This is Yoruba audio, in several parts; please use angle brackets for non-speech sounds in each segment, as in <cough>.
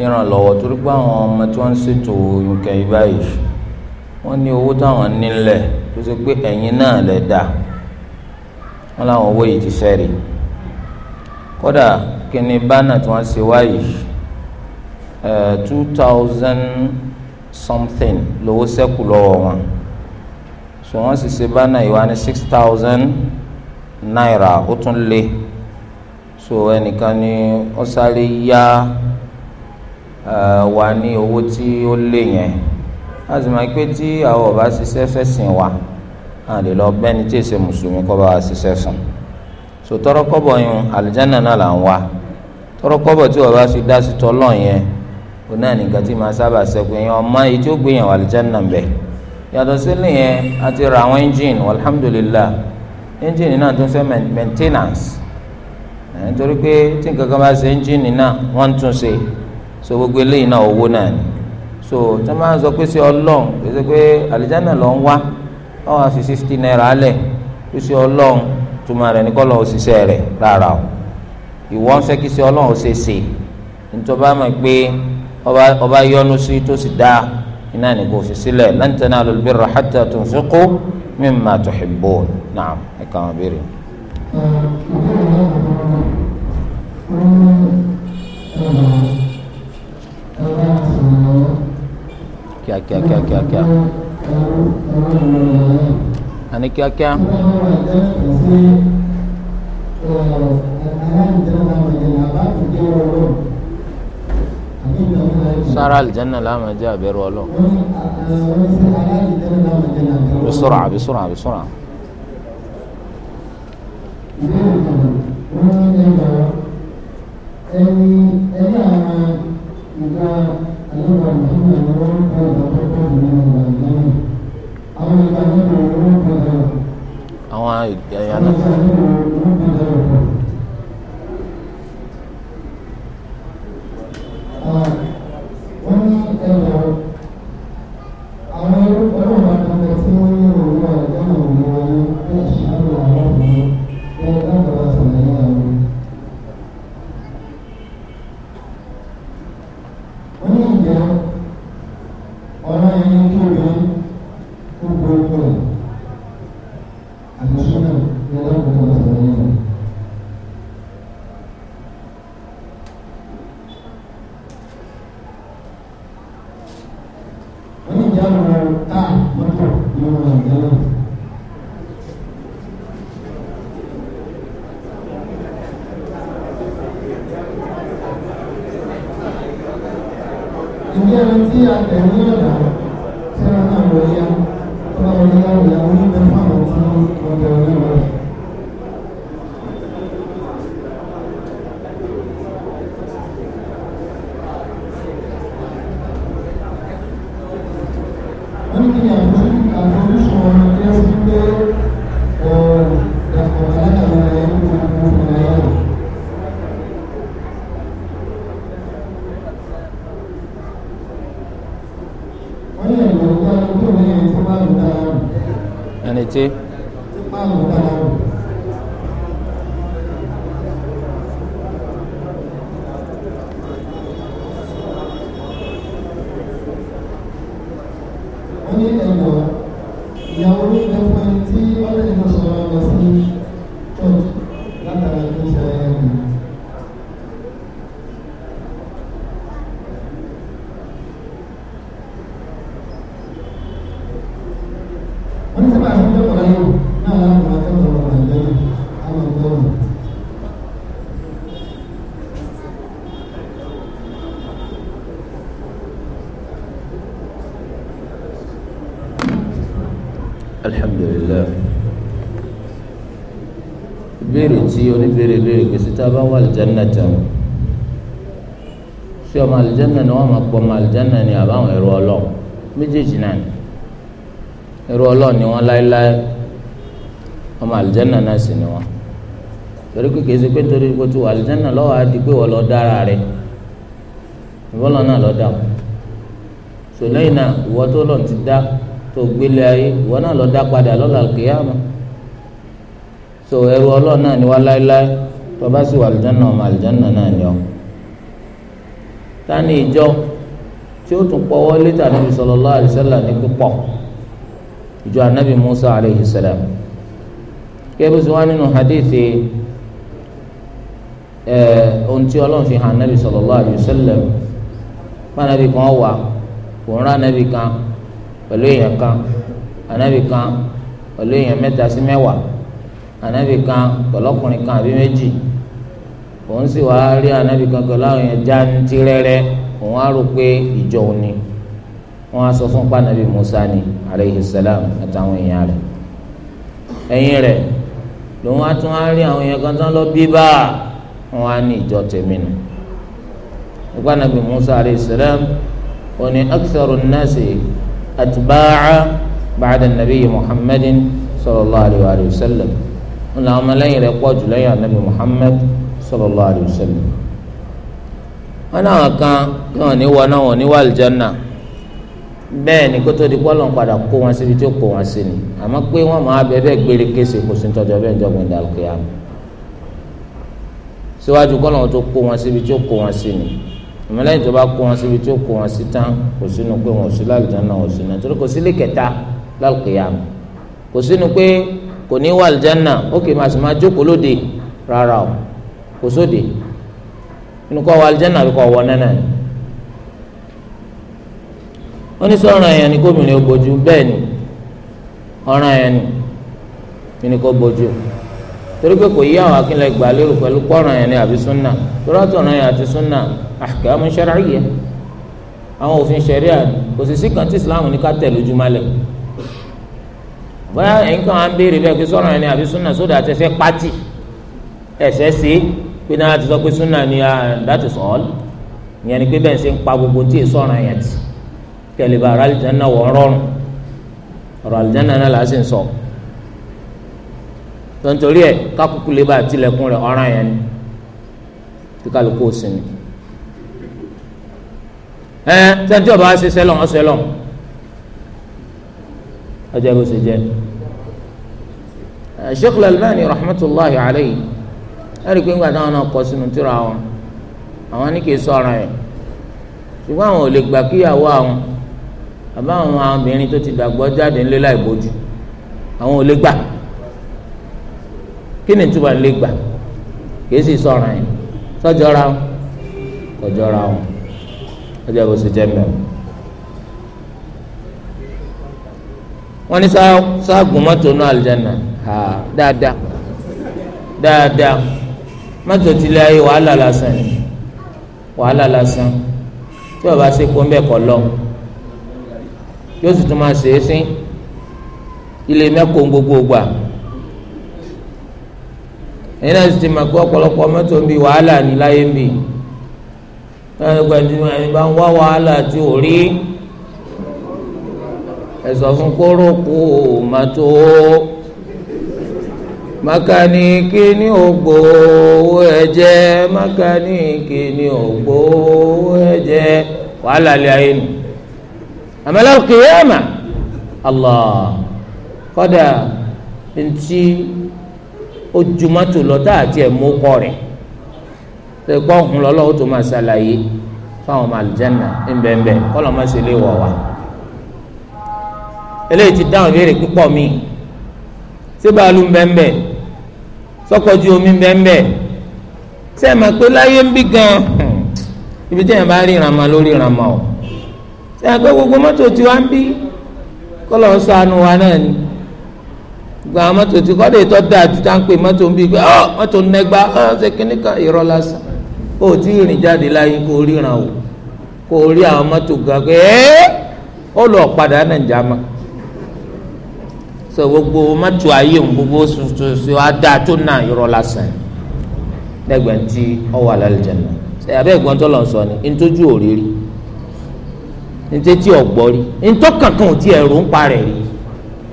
nírànlọ́wọ́ torí pé àwọn ọmọ tí wọ́n ń ṣètò nǹkan yìí báyìí wọ́n ní owó táwọn nílẹ̀ tó ṣe pé ẹ̀yin náà lè dà wọ́n láwọn owó yìí ti sẹ́rì kódà kí bánà tí wọ́n ṣe wáyìí two thousand something lówó sẹ́kù lọ́wọ́ wọn so wọ́n sì ṣe bánà yìí wá six thousand náírà ó tún lé so ẹnìkan ni ó sáré yá. Eh, wa ní owó tí ó lé yẹn a sì máa pé tí àwọn ọba ṣiṣẹ́ fẹ̀sìn wa a lè lọ bẹ́ni tí èsè mùsùlùmí kọ́ bá wa ṣiṣẹ́ fún so tọrọ kọ́bọ̀ yun àlùjáná náà là ń wá tọrọ kọ́bọ̀ tí ọba fi dá sí tọ́lọ́ yẹn òun náà nìkan tí màá sábà sẹ́kùn yẹn ọmọ èyí tí ó gbé yẹn wà àlùjáná bẹ̀ yàtọ̀ sílẹ̀ yẹn a ti ra àwọn ẹ́ńjìn alhamdulillah ẹ́ńjìn náà tún fẹ́ maintenance nítorí pé tí nǹkan kan bá ṣe ẹ́ńjìn náà wọ́n tún ṣe so gbogbo eléyìí náà owó náà ni so tí wọ́n máa ń sọ pé sí ọlọ́run kò sí pé àlìjáná lọ ń wá wọ́n wá fi fifty naira lẹ̀ pé sí ọlọ́run túmọ̀ rẹ̀ ní kọ́ lọ́ọ́ òṣìṣẹ́ rẹ̀ rárá o ìwọ ń fẹ́ kí sí ọlọ́run ó ṣe nítorí mọ̀ pé ọba yọ́nú sí tó sì dá iná ní kò sì sílẹ̀ lan tanalul birra hatta tunfiqu mimma tuhibbun na'am ẹ̀ka wọn béèrè. क्या क्या क्या क्या यानी क्या क्या سارة الجنة لا مجا بير ولو بسرعة بسرعة بسرعة Thank you. àwọn èèyàn náà. ẹni tí a tẹ̀ ní ọ̀dà tí wọ́n náà lọ yá wọ́n lọ yá ìyá onígbẹ́ fáwọn tí wọ́n bẹ̀ ọ́ lẹ́wọ̀ rẹ̀. wọ́n ní kí ni àfojúsùn ọmọ ilé ẹ̀sìn pé ọ̀ọ́ létí. wọ́n ní ẹ̀wọ̀ ìyàwó ní ìgbẹ́ fún ẹni tí wọ́n lè lọ sọ̀rọ̀ lọ sí alhamdulilayi ìbéèrè tí oníbéèrè lórí gbèsè tá a bá wà aljanna tán ṣé ọmọ aljanna ni wọn máa pọ ọmọ aljanna ni àbáwọn ẹrú Ọlọ́run méjèèjì náà ni ẹrú Ọlọ́run ni wọn láéláé ọmọ aljanna náà sì ni wọn torí pé kìí ṣe pé nítorí pé tó aljanna lọ́wọ́ á di pé wọ́n lọ dára rẹ̀ ìwọ́n lọ náà lọ dà so lẹ́yìn náà ìwọ́ tó lọ́n ti dá tó gbélé ayé ìwọ náà lọ dá padà lọ́la kìyàmù so ẹrù ọlọ́run náà ni wá láéláé tọba sì wà àlùjáná ọmọ àlùjáná náà ni ọ. tani ìjọ tí ó tún pọ̀ wọlé tàbí sallallahu alaihi wasallam ní púpọ̀ ìjọ anabi musa alayhi salam kébù sí wá nínú hadithi ẹ eh, ohun tí ọlọ́run fi hàn anabi sallallahu alaihi wasallam fún anabi kan wà kò ń rán anabi kan pẹ̀lú èèyàn kan anabi kan pẹ̀lú èèyàn mẹ́ta sí mẹ́wàá anabi kan pẹ̀lú ọkùnrin kan àbí méjì òun sì wá rí anabi kan pẹ̀lú àwọn èèyàn já ní tirẹ́rẹ́ òun á rò pé ìjọ òun ni wọ́n á sọ fún pànàbí Musa ni aleyhi salam àtàwọn èèyàn rẹ̀ ẹ̀yìn rẹ̀ lòun á tún á rí àwọn èèyàn kan tán lọ bí bá wọn á ní ìjọ tèmi nù pànàbí Musa aleyhi òun ni aktharu nasi atibaa baada nabi muhammadin sallallahu alayhi wa sallam ńlá ọmọ lẹ́yìn rẹ̀ pọ̀ jù lẹ́yìn anabi muhammad sallallahu alayhi wa sallam wọn náà kan náà ní wọn náà wọn ní wà lìjánà bẹ́ẹ̀ ni kó tó di pọlọ ń padà kó wọn síbi tí kó wọn sí ni àmọ́ wọn máa bẹ bẹ́ẹ̀ gbére kése kó sí tọjọ bẹ́ẹ̀ jọ gbẹndà lókè tó kó wọn síbi tí kó wọn sí ìmọ̀lẹ́yìn tó bá kó wọn síbi tí ó kó wọn sí tán kò sínú pé wọn ò sí lálùjá náà ò sínú torí kò sí lè kẹta lálùkìyàmù kò sínú pé kò ní wà lùjá náà ó kì í máa sì máa jókòó lóde rárá o kò sóde inú kọ́ wà lùjá náà àbí wọ nánà ni. wọ́n ní sọ̀rọ̀ ẹ̀yàn ni gómìnà ó bójú bẹ́ẹ̀ ni ọ̀ràn ẹ̀yàn ni ni kò bójú torí pé kò yí àwọn akínlẹ̀ gbà lérò pẹ̀lú pọ̀ràn ẹ̀yàn ni àbí ahkamu shar'iyya àwọn òfin ṣẹ̀ríà kò sì sí kan tí islam ní ká tẹ̀ lójúmọ́lẹ̀ bóyá ẹ̀yin kan á ń béèrè bẹ́ẹ̀ pé sọ̀rọ̀ ẹni àbí súnà sódà àti ẹ̀fẹ́ pátì ẹ̀fẹ́ sí pé náà ti sọ pé súnà ni ah, that is all ìyẹn ni pé bẹ́ẹ̀ ṣe ń pa gbogbo tí èso ọ̀ràn yẹn ti kẹlẹ́ bá alìjẹ́nà wọ̀ rọrùn ọ̀rọ̀ alìjẹ́nà náà là á sì ń sọ tontorí ẹ̀ kákùkù bá tilẹ̀kùn rẹ̀ ọ̀ràn yẹn ni kíkàlùkù òsì ni ẹ sẹ́ńtì ọba ṣe sẹ́lọ̀ ọ̀ sẹ́lọ̀ ọjọ́ bó ṣe jẹ́ Sheikh Al-Albani rahmatulahi alayhi ẹ̀rí pé ńgbà táwọn náà kọ sínú tírà wọn àwọn ní kì í sọ̀rọ̀ yẹn ṣùgbọ́n àwọn ò lè gbà kíyàwó àwọn àbá àwọn obìnrin tó ti dàgbọ́ jáde ńlẹ́ láì bójú àwọn ò lè kí ni túbọ̀ ń lè gbà sì sọ̀rọ̀ yẹn sọ́jọ́ra wọn kọjọ́ra wọn ọjọ́ bó ṣe jẹ́ mẹ́rin. wọ́n ní sáàgùn mọ́tò náà àlùjáná ha dáadáa dáadáa mọ́tò tilẹ̀ ayé wàhálà lásán ni wàhálà lásán tí ọba ṣe kó ń bẹ̀ kọ́ lọ yóò sì tún máa ṣe é sí ilé mẹ́kọ̀ọ́ gbogbo gbà ẹ̀yin náà sì ti mọ̀ pé ọ̀pọ̀lọpọ̀ mọ́tò ń bi wàhálà ní láyé ń bi gbajúmọ̀ ẹni bá ń wá wàhálà tí ò rí ẹ̀sọ̀ fún kóró kù má tó makaniki ni ògbó owó ẹ̀jẹ̀ makaniki ni ògbó owó ẹ̀jẹ̀ wàhálà lè ayé nu àmàlà kìyàmà allah kọ́dà ntí ojúmọ́tò lọ́tà àti ẹ̀mú kọ́ tó gbọ́ òun lọ́lọ́ ó tó máa ṣàlàyé fáwọn ọmọ àlùjáná ńbẹ̀ńbẹ̀ kọ́lọ́ má ṣe lè wọ̀ wá. eléyìí ti dáhùn ìbéèrè púpọ̀ mi ṣé bàálù ńbẹ̀ńbẹ̀ sọ́kọ̀jú omi ńbẹ̀ńbẹ̀ ṣé ẹ̀ máa pé láyé ń bí gan-an hmm. ibi tí yẹn bá rí ìrànmọ́ lórí ìrànmọ́ o ṣé ẹ̀ pé gbogbo mọ́tò tí wá ń bí kọ́lọ́ ń ṣàánú wa náà ni gba mọ́tò tí kọ́lé tó dáa ju táǹpé mọ́tò ń bí ọ́ mọ́tò nẹgbà ọ́ ṣe kíníkan ìrọ̀ lásán o tí rìn jáde láyé kó ríran o kó rí àwọn mọ́tò gan pé ẹ́ ó lọ padà sọ gbogbo mọ́tò ayé òun gbogbo tuntun sí wa tó náà irọ́ lásán lẹ́gbẹ̀ẹ́ tí wà lálùjánnà ṣe abẹ́ ìgbọ́n tó lọ sọ ni ntójú òrírí ntétí ọ̀gbọ́rí ntọ́kànkan ò tí ẹ̀rù ń parẹ̀ rí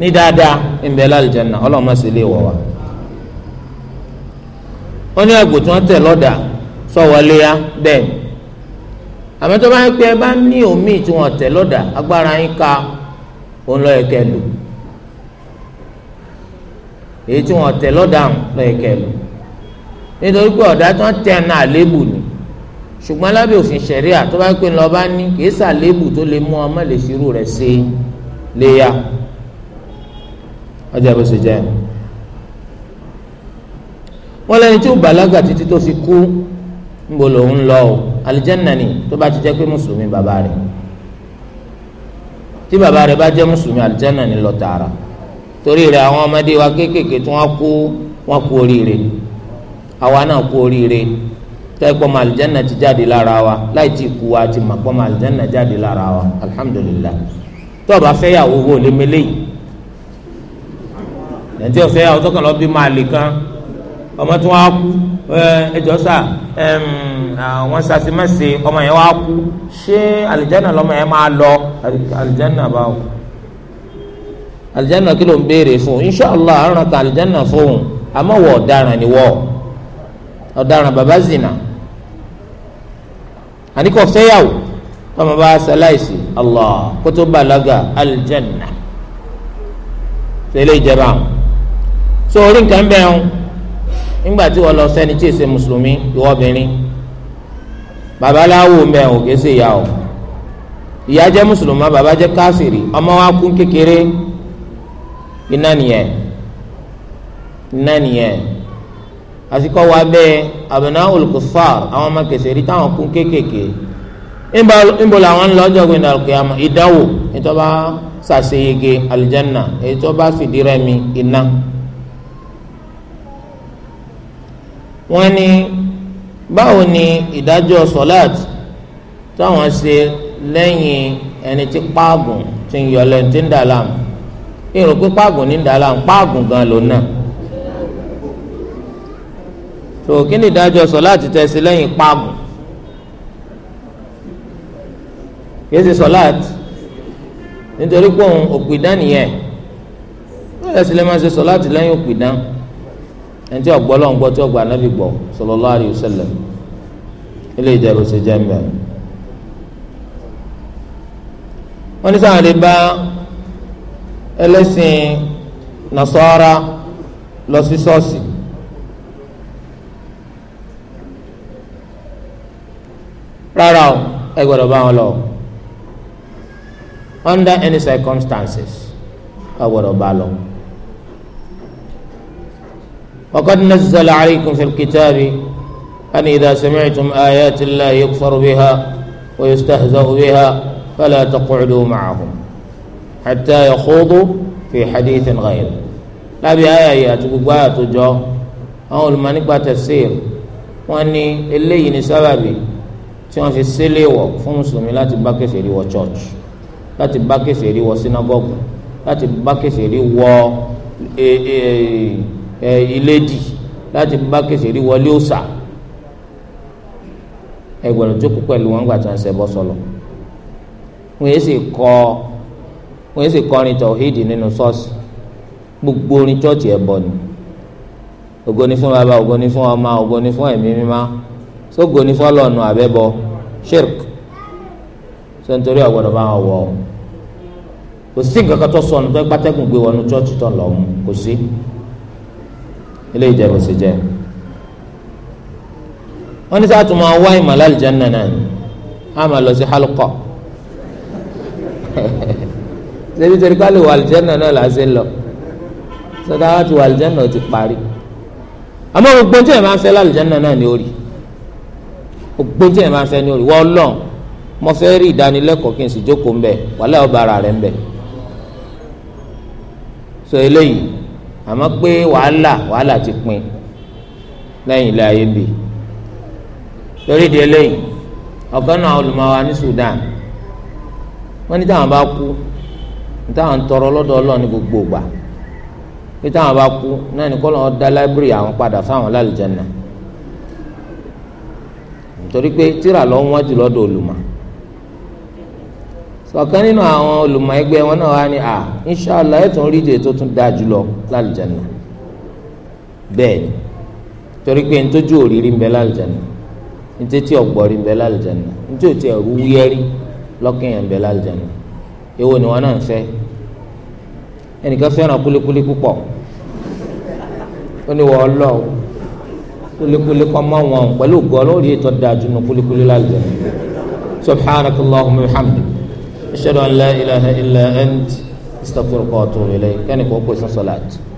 ní dáadáa ìbẹ̀ lálùjánnà ọlọ́mọ sì lè wọ̀ wá. ní àgbò tí wọ́n tẹ̀ sọ̀wọ́lé ya bẹẹ. àmọ́ tó bá ń bá ní omi tí agbára yín ka òun lọ ẹ̀kẹ́ lò èyí tí lọ ẹ̀kẹ́ nítorí pé ọ̀dà tí wọ́n tẹ̀ náà ni ṣùgbọ́n lábẹ́ òfin ṣẹ̀ríà tó bá ń pè lọ́ọ́ bá ní kì í tó lè mú ọmọ lè fi irú rẹ̀ ṣe ọjà bó ṣe jẹ́ wọ́n tí ó bàlágà títí níbo lòun lọ o alijanna ni tó bá ti jẹ́ pé mùsùlùmí bàbá rẹ̀ tí bàbá rẹ̀ bá jẹ́ mùsùlùmí alijanna ni lọ tààrà torí rẹ̀ àwọn ọmọdé wa kéékèèké tí wọ́n kú wọ́n kú oríire àwa náà kú oríire tẹ́kọ̀ ma alìjẹ́nà ti jáde lára wa láì tí kú wa ti mà kọ́ ma jáde lára wa alhamdulilah tọ́ọ̀bù afẹ́yàwó wo lè mele yìí nàìjíríà fẹ́yàwó tó bí máa kan ọmọ tí wọ́n kú Eh, ẹjọ́ sà wọ́n sàṣìmẹ́sì ọmọ yẹn wá kú ṣé àlìjáná lọ́mọ yẹn máa lọ àlìjáná báwo àlìjáná kí ló ń béèrè fún inṣàlá àrùn kan àlìjáná fóun àmọ́ wọ ọ̀daràn ni wọ́ ọ̀daràn bàbá zina àníkọ̀ fẹ́yàwó tọ́mọ bá ṣaláìsì allah kótó balaga àlìjáná ṣe ilé ìjẹba so orí nǹkan bẹ́ẹ̀ ń nígbà tí wọ́n lọ sẹ́ni tí èsè mùsùlùmí ìwọ obìnrin babaláwo mẹ́ ò kése ìyá o ìyá jẹ́ mùsùlùmá bàbá jẹ́ káfìrí ọmọ wa kún kékeré iná nìyẹn iná nìyẹn àsìkò wa bẹ́ẹ̀ abùnà olùkùfàr àwọn ọmọ kẹsẹ̀rí táwọn kún kékèké níbo làwọn ń lọ ọjọ́ gbẹ̀ndà kìámà ìdánwò ètò sàṣeyege àlìjánà ètò bá iná. wọ́n ní báwo ni ìdájọ́ sọ́láàt táwọn ṣe lẹ́yìn ẹni tí páàgùn ti ń yọlẹ̀ ti ń dà láàmú èrò pé páàgùn ní ń dà láàmú páàgùn gan ló náà tó kí ni ìdájọ́ sọ́láàt tẹ̀sí lẹ́yìn páàgùn kì í nítorí pé òun òpìdán nìyẹn wọ́n yẹ sílẹ̀ máa ṣe sọ́láàt lẹ́yìn òpìdán ẹni tí ọgbọ́ lọ́n gbọ́ tí ọgbà anábì gbọ́ sallallahu alaihi wasallam ilé ìjẹ́rù ṣe jẹ́ mbẹ́. wọ́n ní sáà lè bá ẹlẹ́sìn nasara lọ sí ṣọ́ọ̀ṣì. rárá o ẹ gbọ́dọ̀ bá wọn lọ under any circumstances ẹ gbọ́dọ̀ bá lọ. وقد نزل عليكم في الكتاب أن إذا سمعتم آيات الله يكفر بها ويستهزأ بها فلا تقعدوا معهم حتى يخوضوا في حديث غير لا بآيات بقبات جو أو المنقبة تفسير وأني اللي نسببي tí wọn fi sílé wọ fún mùsùlùmí láti bá kèfèrí wọ church láti bá kèfèrí wọ synagogue láti bá kèfèrí wọ ilédì láti bá kẹsìrì wọlé òòsà ẹ gbọ́dọ̀ jókòó pẹ̀lú wọn gbà tí wọn ṣe bọ sọlọ wọn yéé sì kọ wọn yéé sì kọrin tọhídì nínú ṣọ́ọ̀ṣì gbogbo orin chọọchì ẹ bọ ni ògo ni fún baba ògo ni fún ọmọ ògo ni fún ẹ̀mí mímá sógo ni fún ọlọ́ọ̀nù àbẹ́bọ shirk sọ nítorí ọ̀gbọ́dọ̀ bá wọn wọ̀ kò sí nǹkan kan tó sọnù tó ẹ pátẹ́kùn gbé wọnú chọọchì tó lọ́mù kò sí ilé ìjẹun sì jẹ wọn ní sáà tún máa wá ìmọ̀lá àlùjánnà náà ni a máa lọ sí halqa <laughs> ṣebí torí ká lè wà àlùjánnà náà là á ṣe lọ sọdá wa ti wà àlùjánnà ó ti parí àmọ́ gbogbo tí ẹ̀ máa fẹ́ lálùjánnà náà ni ó rí gbogbo tí ẹ̀ máa fẹ́ ni ó rí wọ́n lọ mo fẹ́ rí ìdánilẹ́kọ̀ọ́ kí n sì jókòó ń bẹ̀ wàhálà ọba ara rẹ̀ ń bẹ̀ so eléyìí àmọ́ pé wàhálà wàhálà ti pin lẹ́yìn ilé ayé bì lórí ìdí eléyìí ọ̀kan náà olùmọ̀wá ní Sudan wọ́n ní táwọn bá kú táwọn ń tọrọ lọ́dọ̀ Ọlọ́run ní gbogbo ìgbà pé táwọn bá kú náà ní kọ́lọ́n dá láìbírì àwọn padà fáwọn lálùjẹ́ náà nítorí pé tíra lọ́ jù lọ́dọ̀ olùmọ̀ọ́ sọ̀kan nínú àwọn olùmọ̀ ẹgbẹ́ wọn náà wá ní à inṣàlá ẹ̀ tún ríje tó tún dáa jùlọ lálùjáná bẹ́ẹ̀ ni torí pé ntójú òrìrí ń bẹ lálùjáná ntétí ọ̀gbọ̀rí ń bẹ lálùjáná ntótí ẹ̀rú wúyẹ́rí lọ́kẹ́yìn ń bẹ lálùjáná èwo ni wọn náà ń fẹ́ ẹnìkan fẹ́ràn kúlíkúlí púpọ̀ ó ní wọ́n lọ kúlíkúlí kọ́ mọ́ wọn pẹ̀lú gọ́ọ́ lórí ètò dáa jùlọ kúlíkúlí lálùjáná subhanakallahumma wa bihamdik. أشهد أن لا إله إلا أنت استغفرك وأتوب إليك كان يقول صلاة